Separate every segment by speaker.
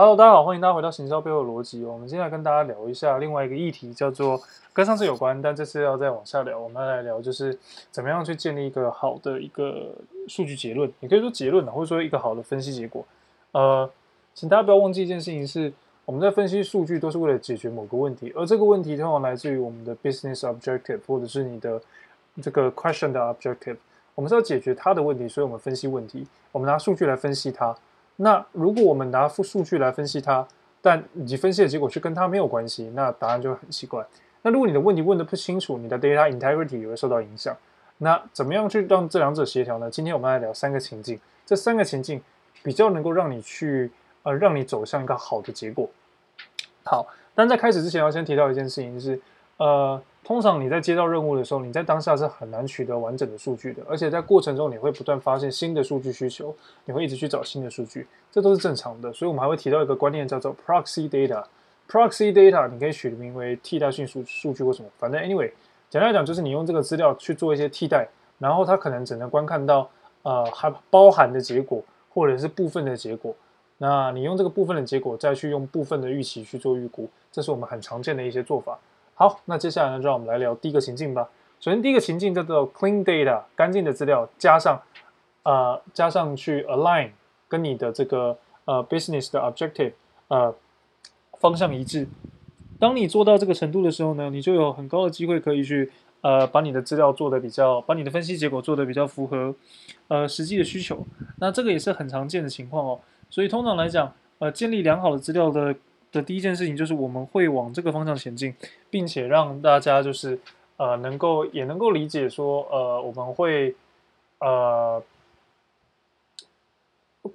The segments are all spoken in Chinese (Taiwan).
Speaker 1: Hello，大家好，歡迎大家回到《行銷背後的邏輯》。我們今天來跟大家聊一下另外一個議題，叫做跟上次有關，但這次要再往下聊。我們要來聊就是怎麼樣去建立一個好的一個數據結論，也可以說結論啊，或者說一個好的分析結果。呃，請大家不要忘記一件事情是，我們在分析數據都是為了解決某個問題，而這個問題通常來自於我們的 business objective，或者是你的這個 question 的 objective。我們是要解決它的問題，所以我們分析問題，我們拿數據來分析它。那如果我們拿副數據來分析它，但你分析的結果卻跟它沒有關係，那答案就很奇怪。那如果你的問題問的不清楚，你的 data integrity 也會受到影響。那怎麼樣去讓這兩者協調呢？今天我們來聊三個情境，這三個情境比較能夠讓你去呃，讓你走向一個好的結果。好，但在開始之前要先提到一件事情，就是，呃。通常你在接到任務的時候，你在當下是很難取得完整的數據的，而且在過程中你會不斷發現新的數據需求，你會一直去找新的數據，這都是正常的。所以我們還會提到一個觀念叫做 Proxy Data，Proxy Data，你可以取名為替代性數數據或什麼，反正 anyway，簡單來講就是你用這個資料去做一些替代，然後它可能只能觀看到呃還包含的結果或者是部分的結果，那你用這個部分的結果再去用部分的預期去做預估，這是我們很常見的一些做法。好，那接下來呢，讓我們來聊第一個情境吧。首先，第一個情境叫做 clean data，乾淨的資料，加上，呃，加上去 align，跟你的這個呃 business 的 objective，呃，方向一致。當你做到這個程度的時候呢，你就有很高的機會可以去呃，把你的資料做得比較，把你的分析結果做得比較符合呃實際的需求。那這個也是很常見的情況哦。所以通常來講，呃，建立良好的資料的。的第一件事情就是我們會往這個方向前進，並且讓大家就是呃能夠也能夠理解說呃我們會呃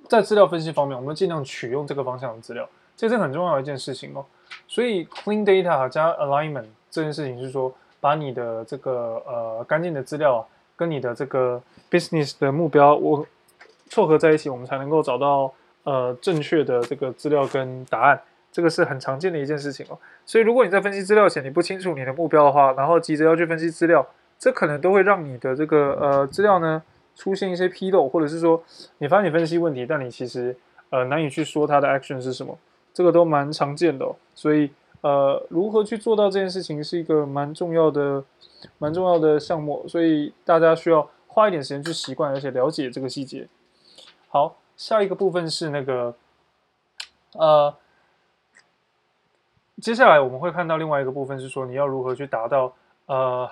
Speaker 1: 在資料分析方面，我們盡量取用這個方向的資料，這是很重要的一件事情哦。所以 clean data 加 alignment 這件事情是說，把你的這個呃乾淨的資料啊跟你的這個 business 的目標我撮合在一起，我們才能夠找到呃正確的這個資料跟答案。這個是很常見的一件事情哦，所以如果你在分析資料前，你不清楚你的目標的話，然後急着要去分析資料，這可能都會讓你的這個呃資料呢出現一些紕漏，或者是說你發現你分析問題，但你其實呃難以去說它的 action 是什麼，這個都蠻常見的哦。所以呃，如何去做到這件事情是一個蠻重要的蠻重要的項目，所以大家需要花一點時間去習慣，而且了解這個細節。好，下一個部分是那個呃。接下來我們會看到另外一個部分是說，你要如何去達到呃，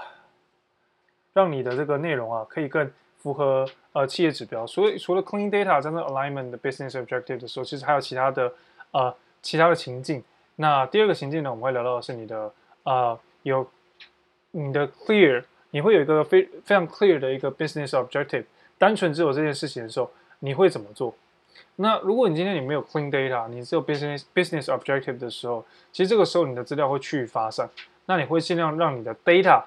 Speaker 1: 讓你的這個內容啊，可以更符合呃企業指標。所以除了 clean data、真的 alignment 的 business objective 的時候，其實還有其他的呃其他的情境。那第二個情境呢，我們會聊到的是你的啊、呃、有你的 clear，你會有一個非非常 clear 的一個 business objective，單純只有這件事情的時候，你會怎麼做？那如果你今天你沒有 clean data，你只有 business business objective 的時候，其實這個時候你的資料會趨於發散。那你會盡量讓你的 data，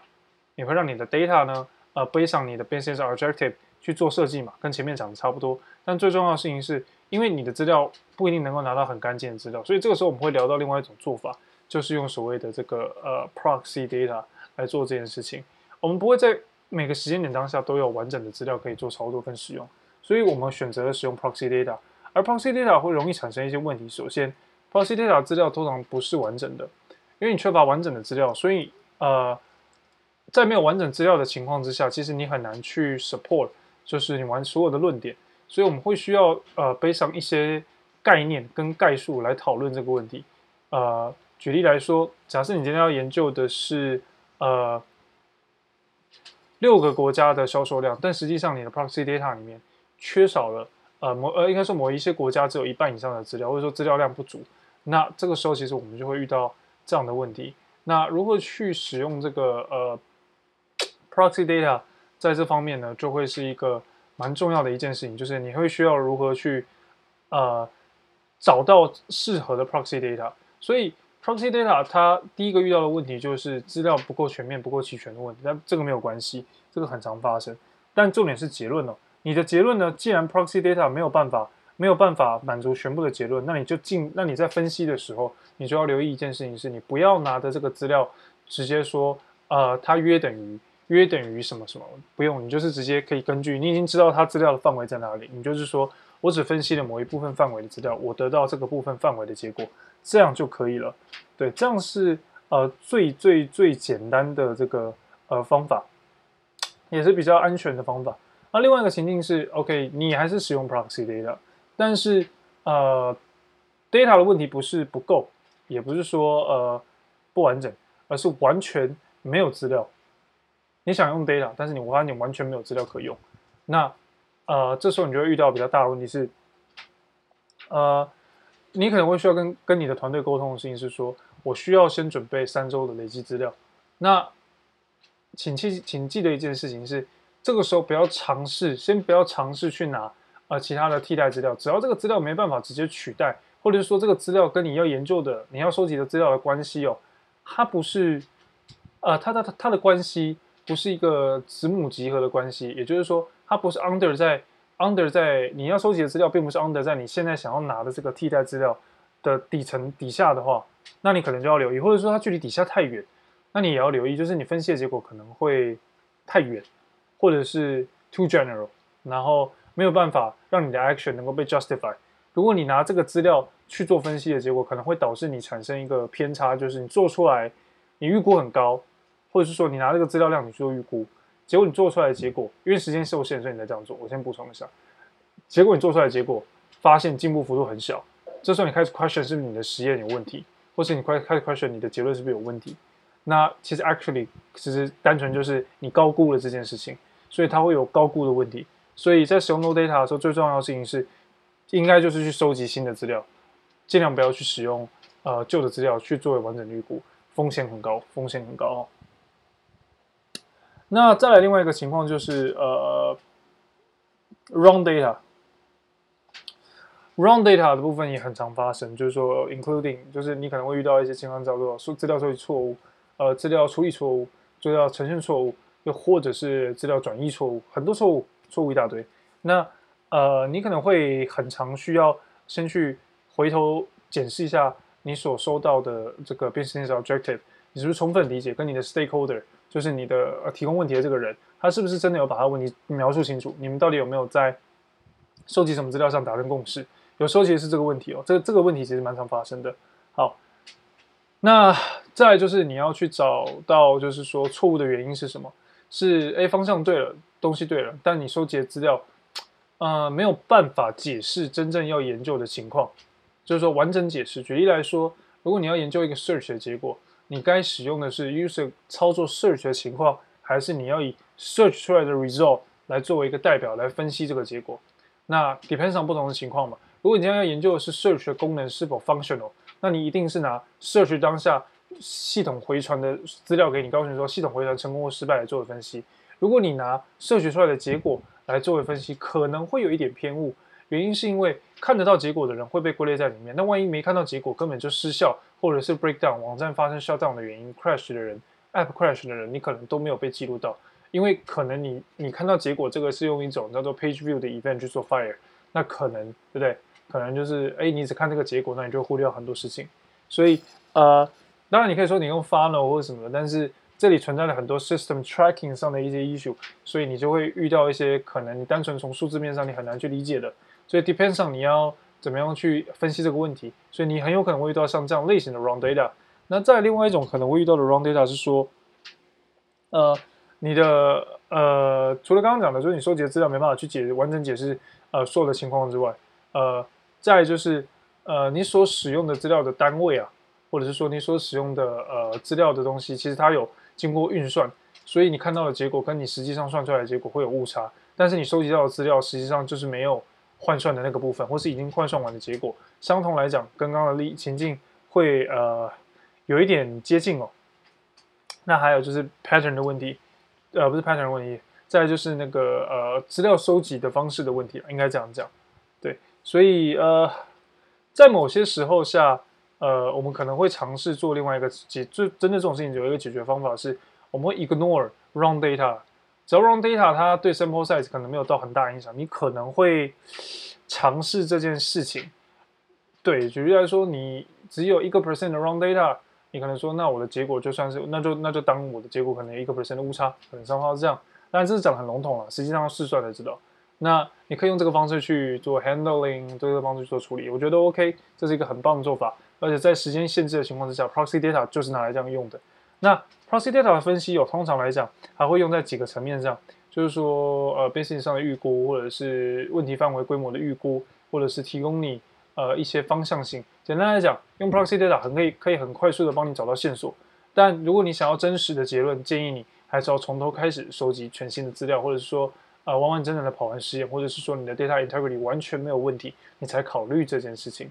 Speaker 1: 你會讓你的 data 呢，呃，based on 你的 business objective 去做設計嘛，跟前面講的差不多。但最重要的事情是，因為你的資料不一定能夠拿到很乾淨的資料，所以這個時候我們會聊到另外一種做法，就是用所謂的這個呃 proxy data 來做這件事情。我們不會在每個時間點當下都有完整的資料可以做操作跟使用。所以我們選擇了使用 Proxy Data，而 Proxy Data 會容易產生一些問題。首先，Proxy Data 的資料通常不是完整的，因為你缺乏完整的資料，所以呃，在沒有完整資料的情況之下，其實你很難去 support，就是你玩所有的論點。所以我們會需要呃背上一些概念跟概述來討論這個問題。呃，舉例來說，假設你今天要研究的是呃六個國家的銷售量，但實際上你的 Proxy Data 裡面。缺少了呃某，呃應該說某一些國家只有一半以上的資料，或者說資料量不足，那這個時候其實我們就會遇到這樣的問題。那如何去使用這個呃 Proxy Data 在這方面呢？就會是一個蠻重要的一件事情，就是你會需要如何去呃找到適合的 Proxy Data。所以 Proxy Data 它第一個遇到的問題就是資料不夠全面、不夠齊全的問題。但這個沒有關係，這個很常發生。但重點是結論呢、哦？你的結論呢？既然 proxy data 沒有辦法，沒有辦法滿足全部的結論，那你就進，那你在分析的時候，你就要留意一件事情是：是你不要拿着這個資料直接說，呃，它約等於，約等於什麼什麼？不用，你就是直接可以根據你已經知道它資料的範圍在哪裡，你就是說我只分析了某一部分範圍的資料，我得到這個部分範圍的結果，這樣就可以了。對，這樣是呃最最最簡單的這個呃方法，也是比較安全的方法。.那、啊、另外一個情境是，OK，你還是使用 Proxy Data，但是呃，Data 的問題不是不夠，也不是說呃不完整，而是完全沒有資料。你想用 Data，但是你我發現你完全沒有資料可用，那呃，這時候你就會遇到比較大的問題是，呃，你可能會需要跟跟你的團隊溝通的事情是說，我需要先準備三周的累積資料。那請，請記請記得一件事情是。這個時候不要嘗試，先不要嘗試去拿呃其他的替代資料。只要這個資料沒辦法直接取代，或者是說這個資料跟你要研究的、你要收集的資料的關係哦，它不是呃它的它的，它的關係不是一個子母集合的關係，也就是說，它不是 under 在 under 在你要收集的資料，並不是 under 在你現在想要拿的這個替代資料的底層底下的話，那你可能就要留意，或者說它距離底下太遠，那你也要留意，就是你分析的結果可能會太遠。或者是 too general，然後沒有辦法讓你的 action 能夠被 justify。如果你拿這個資料去做分析的結果，可能會導致你產生一個偏差，就是你做出來你預估很高，或者是說你拿這個資料量你去做預估，結果你做出來的結果，因為時間受限，所以你才這樣做。我先補充一下，結果你做出來的結果發現進步幅度很小，這時候你開始 question 是不是你的實驗有問題，或是你快開始 question 你的結論是不是有問題？那其實 actually 其實單純就是你高估了這件事情，所以它會有高估的問題。所以在使用 no data 的時候，最重要的事情是，應該就是去收集新的資料，儘量不要去使用呃舊的資料去作為完整的預估，風險很高，風險很高哦。那再來另外一個情況就是呃 wrong data，wrong data 的部分也很常發生，就是說 including 就是你可能會遇到一些情況叫做數資料數據錯誤。呃，資料處理錯誤，資料呈現錯誤，又或者是資料轉移錯誤，很多錯誤，錯誤一大堆。那呃，你可能會很常需要先去回頭檢視一下你所收到的這個 business objective，你是不是充分理解，跟你的 stakeholder，就是你的提供問題的這個人，他是不是真的有把他的問題描述清楚？你們到底有沒有在收集什麼資料上達成共識？有時候其實是這個問題哦，這這個問題其實蠻常發生的。好。那再就是你要去找到，就是說錯誤的原因是什麼？是 A 方向對了，東西對了，但你收集的資料，呃，沒有辦法解釋真正要研究的情況，就是說完整解釋。舉例來說，如果你要研究一個 search 的結果，你該使用的是 user 操作 search 的情況，還是你要以 search 出來的 result 來作為一個代表來分析這個結果？那 depends on 不同的情況嘛。如果你今天要研究的是 search 的功能是否 functional。那你一定是拿 search 當下系統回傳的資料給你，告訴你說系統回傳成功或失敗來作為分析。如果你拿 search 出來的結果來作為分析，可能會有一點偏誤，原因是因為看得到結果的人會被歸類在裡面。那萬一沒看到結果，根本就失效，或者是 breakdown 網站發生 shutdown 的原因 crash 的人，app crash 的人，你可能都沒有被記錄到，因為可能你你看到結果這個是用一種叫做 page view 的 event 去做 fire，那可能對不對？可能就是哎，你只看這個結果，那你就忽略很多事情。所以呃，當然你可以說你用 funnel 或者什麼，但是這裡存在了很多 system tracking 上的一些 issue，所以你就會遇到一些可能你單純從數字面上你很難去理解的。所以 depends on 你要怎麼樣去分析這個問題，所以你很有可能會遇到像這樣類型的 wrong data。那再另外一種可能會遇到的 wrong data 是說，呃，你的呃，除了剛剛講的，就是你收集的資料沒辦法去解完整解釋呃所有的情況之外，呃。再就是，呃，你所使用的資料的單位啊，或者是說你所使用的呃資料的東西，其實它有經過運算，所以你看到的結果跟你實際上算出來的結果會有誤差。但是你收集到的資料實際上就是沒有換算的那個部分，或是已經換算完的結果。相同來講，剛剛的例情境會呃有一點接近哦。那還有就是 pattern 的問題，呃，不是 pattern 的問題，再就是那個呃資料收集的方式的問題，應該這樣講，對。所以呃，在某些時候下，呃，我們可能會嘗試做另外一個解。就針對這種事情有一個解決方法是，我們會 ignore wrong data。只要 wrong data 它對 sample size 可能沒有到很大影響，你可能會嘗試這件事情。對，舉例來說，你只有一個 percent 的 wrong data，你可能說，那我的結果就算是，那就那就當我的結果有可能一個 percent 的誤差，可能是這樣。但是這是講的很籠統了啊，實際上要試算才知道。那你可以用這個方式去做 handling，對這個方式去做處理，我覺得 OK，這是一個很棒的做法。而且在時間限制的情況之下，proxy data 就是拿來這樣用的。那 proxy data 的分析有、哦，通常來講還會用在幾個層面上，就是說呃 baseline 上的預估，或者是問題範圍規模的預估，或者是提供你呃一些方向性。簡單來講，用 proxy data 很可以可以很快速的幫你找到線索。但如果你想要真實的結論，建議你還是要從頭開始收集全新的資料，或者是說。啊、呃，完完整整的跑完實驗，或者是說你的 data integrity 完全沒有問題，你才考慮這件事情。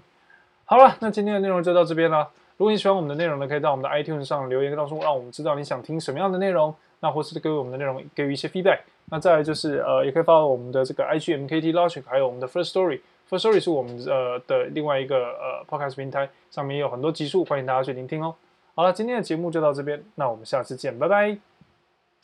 Speaker 1: 好了，那今天的內容就到這邊了。如果你喜歡我們的內容呢，可以在我們的 iTunes 上留言告訴我，讓我們知道你想聽什麼樣的內容，那或是給我們的內容給予一些 feedback。那再來就是呃，也可以發到我們的這個 IG MKT Logic，還有我們的 First Story。First Story 是我們的呃的另外一個呃 podcast 平台，上面也有很多集數，歡迎大家去聆聽哦、喔。好了，今天的節目就到這邊，那我們下次見，拜拜。